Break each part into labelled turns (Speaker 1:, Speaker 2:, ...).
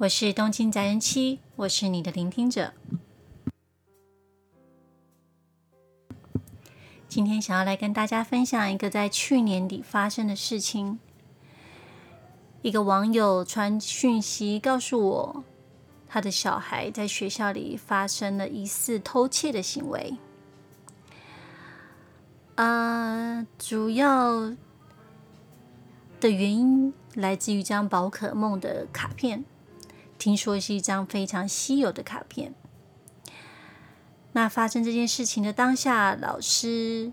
Speaker 1: 我是東京宅人妻，我是你的聆聽者。今天想要來跟大家分享一個在去年底發生的事情。一個網友傳訊息告訴我，他的小孩在學校裡發生了疑似偷竊的行為。呃，主要的原因來自於一張寶可夢的卡片。聽說是一張非常稀有的卡片。那發生這件事情的當下，老師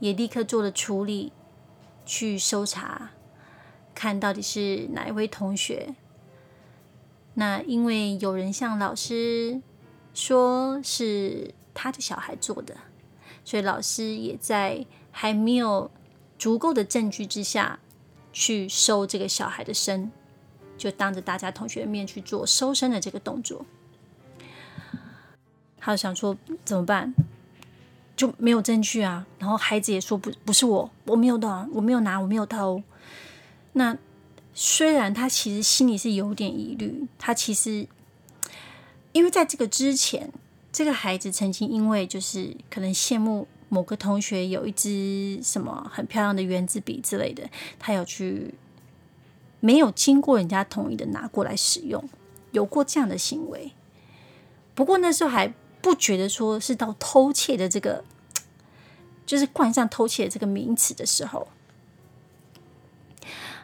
Speaker 1: 也立刻做了處理，去搜查，看到底是哪一位同學。那因為有人向老師說是他的小孩做的，所以老師也在還沒有足夠的證據之下去搜這個小孩的身。就當着大家同學的面去做收身的這個動作。他想說怎麼辦，就沒有證據啊。然後孩子也說不，不是我，我沒有動，我沒有拿，我沒有偷。那雖然他其實心裡是有點疑慮，他其實因為在這個之前，這個孩子曾經因為就是可能羨慕某個同學有一支什麼很漂亮的原子筆之類的，他有去。沒有經過人家同意的拿過來使用，有過這樣的行為。不過那時候還不覺得說是到偷竊的這個，就是冠上偷竊的這個名詞的時候。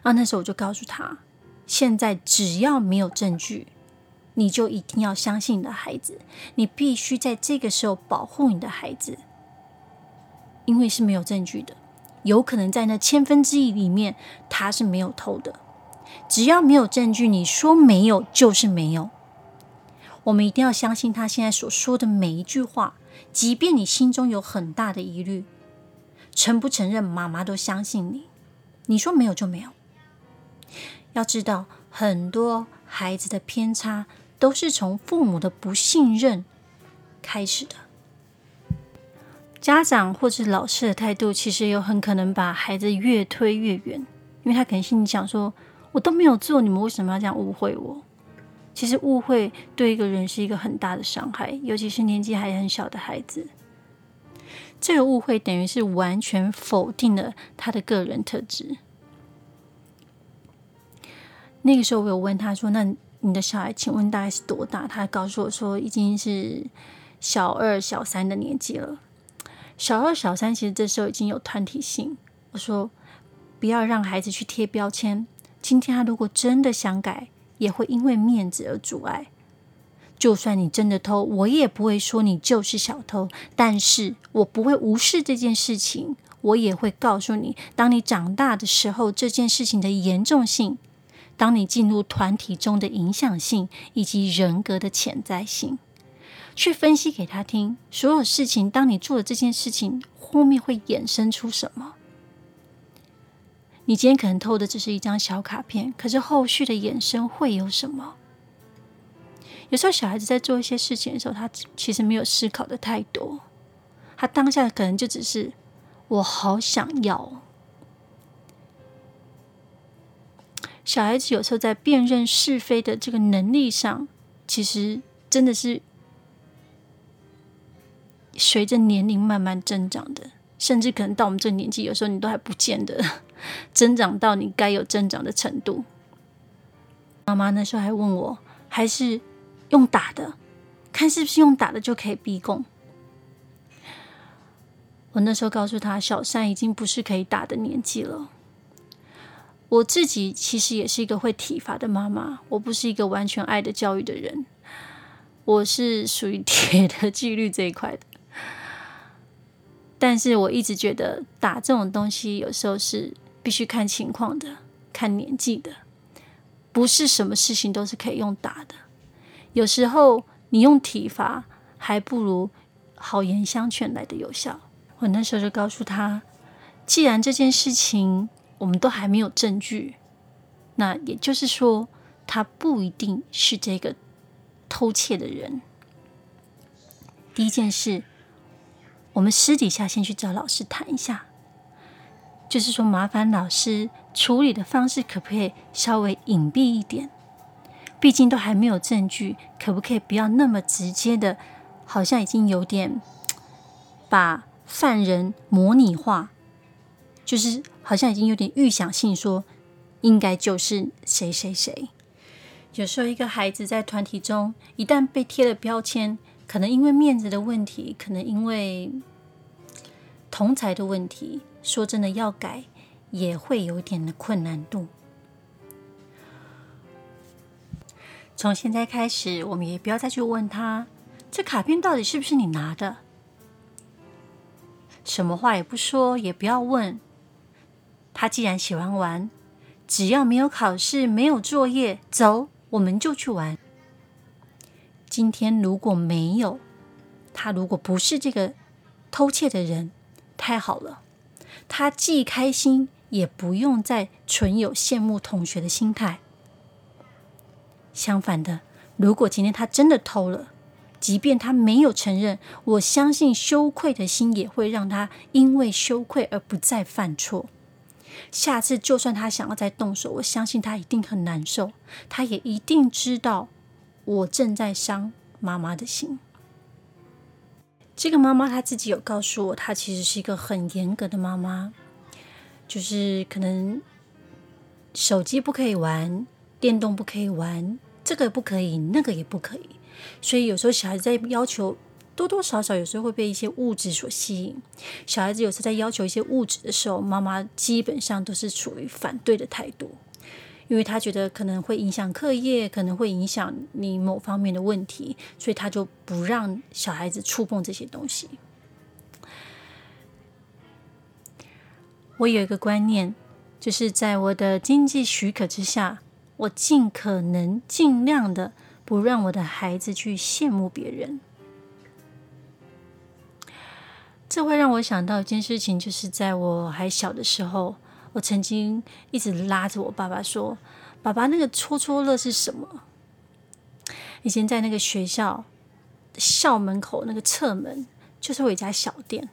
Speaker 1: 然後、啊、那時候我就告訴他，現在只要沒有證據，你就一定要相信你的孩子，你必須在這個時候保護你的孩子，因為是沒有證據的，有可能在那千分之一裡面他是沒有偷的。只要沒有證據，你說沒有就是沒有。我們一定要相信他現在所說的每一句話，即便你心中有很大的疑慮，承不承認，媽媽都相信你。你說沒有就沒有。要知道，很多孩子的偏差都是從父母的不信任開始的。家長或是老師的態度，其實有很可能把孩子越推越遠，因為他可能心裡想說。我都沒有做，你們為什麼要這樣誤會我？其實誤會對一個人是一個很大的傷害，尤其是年紀還很小的孩子。這個誤會等於是完全否定了他的個人特質。那個時候我有問他說：“那你的小孩，請問大概是多大？”他告訴我說：“已經是小二、小三的年紀了。”小二、小三其實這時候已經有團體性。我說：“不要讓孩子去貼標籤。”今天他如果真的想改，也會因為面子而阻礙。就算你真的偷，我也不會說你就是小偷，但是我不會無視這件事情，我也會告訴你，當你長大的時候，這件事情的嚴重性，當你進入團體中的影響性以及人格的潛在性，去分析給他聽，所有事情，當你做了這件事情，後面會衍生出什麼。你今天可能偷的只是一張小卡片，可是後續的衍生會有什麼？有時候小孩子在做一些事情的時候，他其實沒有思考的太多，他當下可能就只是“我好想要”。小孩子有時候在辨認是非的這個能力上，其實真的是隨着年齡慢慢增長的，甚至可能到我們這個年紀，有時候你都還不見得。增長到你該有增長的程度。媽媽那時候還問我，還是用打的？看是不是用打的就可以逼供。我那時候告訴他，小三已經不是可以打的年紀了。我自己其實也是一個會體罰的媽媽，我不是一個完全愛的教育的人，我是屬於鐵的紀律這一塊的。但是我一直覺得打這種東西，有時候是。必須看情況的，看年紀的，不是什麼事情都是可以用打的。有時候你用體罰，還不如好言相勸來的有效。我那時候就告訴他，既然這件事情我們都還沒有證據，那也就是說，他不一定是這個偷竊的人。第一件事，我們私底下先去找老師談一下。就是說，麻煩老師處理的方式可不可以稍微隱蔽一點？畢竟都還沒有證據，可不可以不要那麼直接的？好像已經有點把犯人模擬化，就是好像已經有點預想性，說應該就是誰誰誰。有時候一個孩子在團體中一旦被貼了標籤，可能因為面子的問題，可能因為。同財的問題，說真的要改，也會有一點的困難度。從現在開始，我們也不要再去問他，這卡片到底是不是你拿的？什麼話也不說，也不要問。他既然喜歡玩，只要沒有考試、沒有作業，走，我們就去玩。今天如果沒有，他如果不是這個偷竊的人。太好了，他既開心，也不用再存有羨慕同學的心態。相反的，如果今天他真的偷了，即便他沒有承認，我相信羞愧的心也會讓他因為羞愧而不再犯錯。下次就算他想要再動手，我相信他一定很難受，他也一定知道我正在傷媽媽的心。這個媽媽她自己有告訴我，她其實是一個很嚴格的媽媽，就是可能手機不可以玩，電動不可以玩，這個不可以，那個也不可以。所以有時候小孩子在要求多多少少，有時候會被一些物質所吸引。小孩子有時在要求一些物質的時候，媽媽基本上都是處於反對的態度。因為他覺得可能會影響課業，可能會影響你某方面的問題，所以他就不讓小孩子觸碰這些東西。我有一個觀念，就是在我的經濟許可之下，我盡可能盡量的不讓我的孩子去羨慕別人。這會讓我想到一件事情，就是在我還小的時候。我曾經一直拉着我爸爸說：“爸爸，那個戳戳樂是什麼？”以前在那個學校的校門口那個側門，就是我一家小店，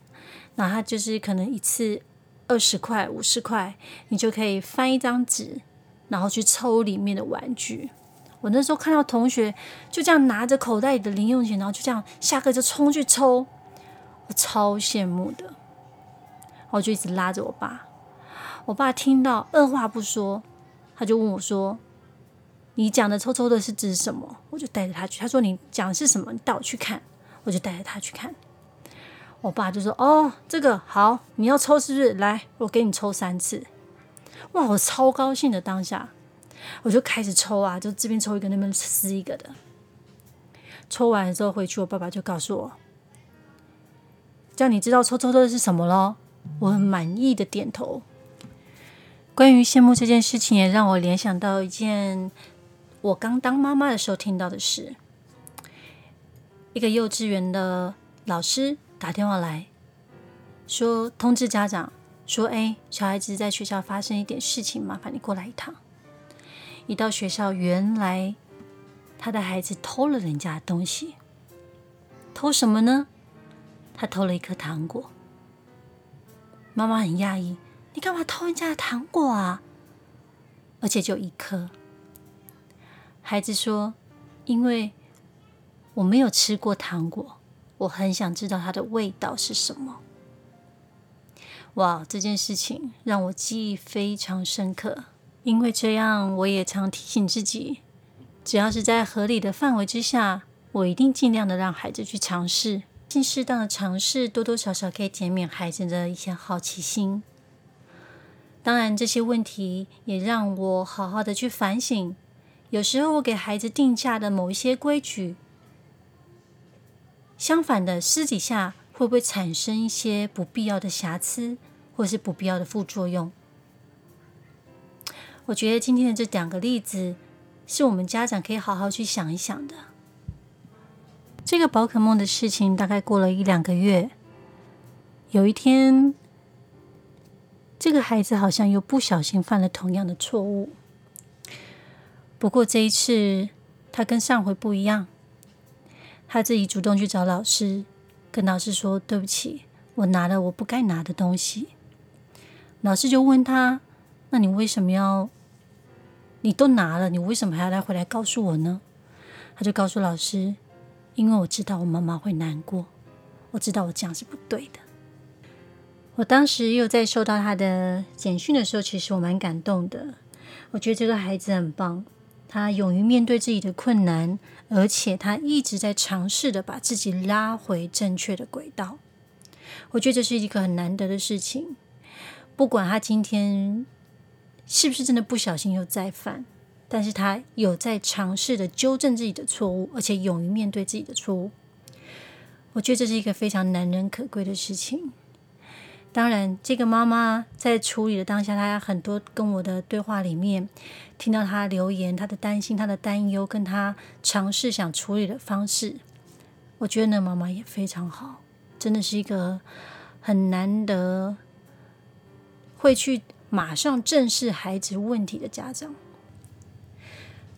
Speaker 1: 然後他就是可能一次二十塊、五十塊，你就可以翻一張紙，然後去抽裡面的玩具。我那時候看到同學就這樣拿着口袋裡的零用錢，然後就這樣下課就衝去抽，我超羨慕的。然後就一直拉着我爸。我爸聽到，二話不說，他就問我說：“你講的抽抽的是指什麼？”我就帶着他去。他說：“你講的是什麼？你帶我去看。”我就帶着他去看。我爸就說：“哦，這個好，你要抽是不是？來，我給你抽三次。”哇，我超高興的，當下我就開始抽啊，就這邊抽一個，那邊撕一個的。抽完了之後回去，我爸爸就告訴我：“這樣你知道抽抽的是什麼咯。”我很滿意的點頭。關於羨慕這件事情，也讓我聯想到一件我剛當媽媽的時候聽到的事。一個幼稚園的老師打電話來說，通知家長說：“誒、哎，小孩子在學校發生一點事情，麻煩你過來一趟。”一到學校，原來他的孩子偷了人家的東西，偷什麼呢？他偷了一顆糖果。媽媽很訝異。你幹嘛偷人家的糖果啊？而且就一顆。孩子說：“因為我沒有吃過糖果，我很想知道它的味道是什麼。”哇，這件事情讓我記憶非常深刻。因為這樣，我也常提醒自己，只要是在合理的範圍之下，我一定盡量的讓孩子去嘗試，盡適當的嘗試，多多少少可以減免孩子的一些好奇心。當然，這些問題也讓我好好的去反省。有時候我給孩子定下的某一些規矩，相反的，私底下會不會產生一些不必要的瑕疵，或是不必要的副作用？我覺得今天的這兩個例子，是我們家長可以好好去想一想的。這個寶可夢的事情大概過了一兩個月，有一天。這個孩子好像又不小心犯了同樣的錯誤，不過這一次他跟上回不一樣，他自己主動去找老師，跟老師說：“對不起，我拿了我不該拿的東西。”老師就問他：“那你為什麼要？你都拿了，你為什麼還要來回來告訴我呢？”他就告訴老師：“因為我知道我媽媽會難過，我知道我這樣是不對的。”我當時又在收到他的簡訊的時候，其實我蠻感動的。我覺得這個孩子很棒，他勇於面對自己的困難，而且他一直在嘗試著把自己拉回正確的軌道。我覺得這是一個很難得的事情。不管他今天是不是真的不小心又再犯，但是他有在嘗試著糾正自己的錯誤，而且勇於面對自己的錯誤。我覺得這是一個非常難能可貴的事情。當然，這個媽媽在處理的當下，她很多跟我的對話裡面，聽到她留言、她的擔心、她的擔憂，跟她嘗試想處理的方式，我覺得那媽媽也非常好，真的是一個很難得會去馬上正視孩子問題的家長。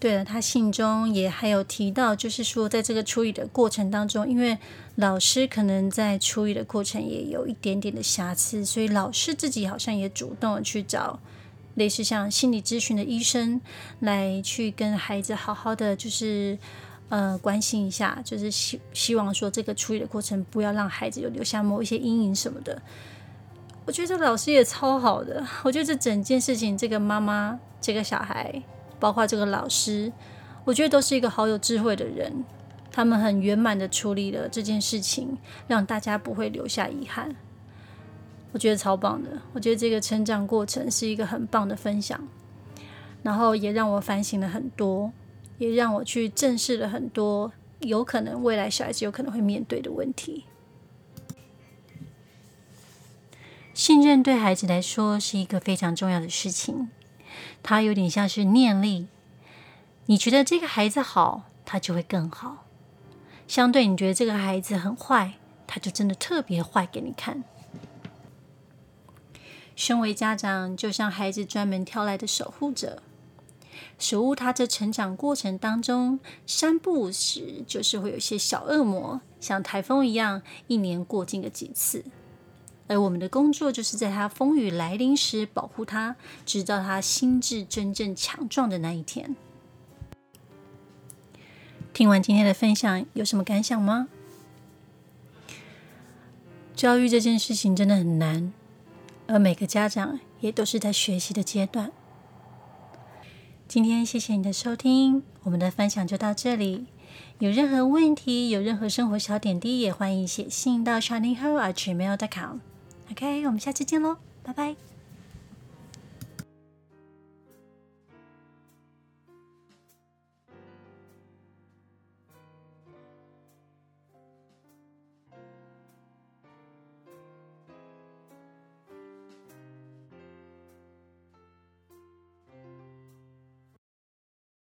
Speaker 1: 對了，他信中也還有提到，就是說，在這個處理的過程當中，因為老師可能在處理的過程也有一點點的瑕疵，所以老師自己好像也主動去找類似像心理諮詢的醫生來去跟孩子好好的，就是呃關心一下，就是希希望說這個處理的過程不要讓孩子有留下某一些陰影什麼的。我覺得這老師也超好的，我覺得這整件事情，這個媽媽，這個小孩。包括這個老師，我覺得都是一個好有智慧的人。他們很圓滿的處理了這件事情，讓大家不會留下遺憾。我覺得超棒的，我覺得這個成長過程是一個很棒的分享，然後也讓我反省了很多，也讓我去正視了很多有可能未來小孩子有可能會面對的問題。信任對孩子來說是一個非常重要的事情。它有點像是念力，你覺得這個孩子好，他就會更好；相對你覺得這個孩子很壞，他就真的特別壞給你看。身為家長，就像孩子專門挑來的守護者，守護他在成長過程當中三不五時就是會有些小惡魔，像台風一樣，一年過境個幾次。而我們的工作就是在他風雨來臨時保護他，直到他心智真正強壯的那一天。聽完今天的分享，有什麼感想嗎？教育這件事情真的很難，而每個家長也都是在學習的階段。今天謝謝你的收聽，我們的分享就到這裡。有任何問題，有任何生活小點滴，也歡迎寫信到 shiningheart@gmail.com。OK，我們下期見嘍，拜拜。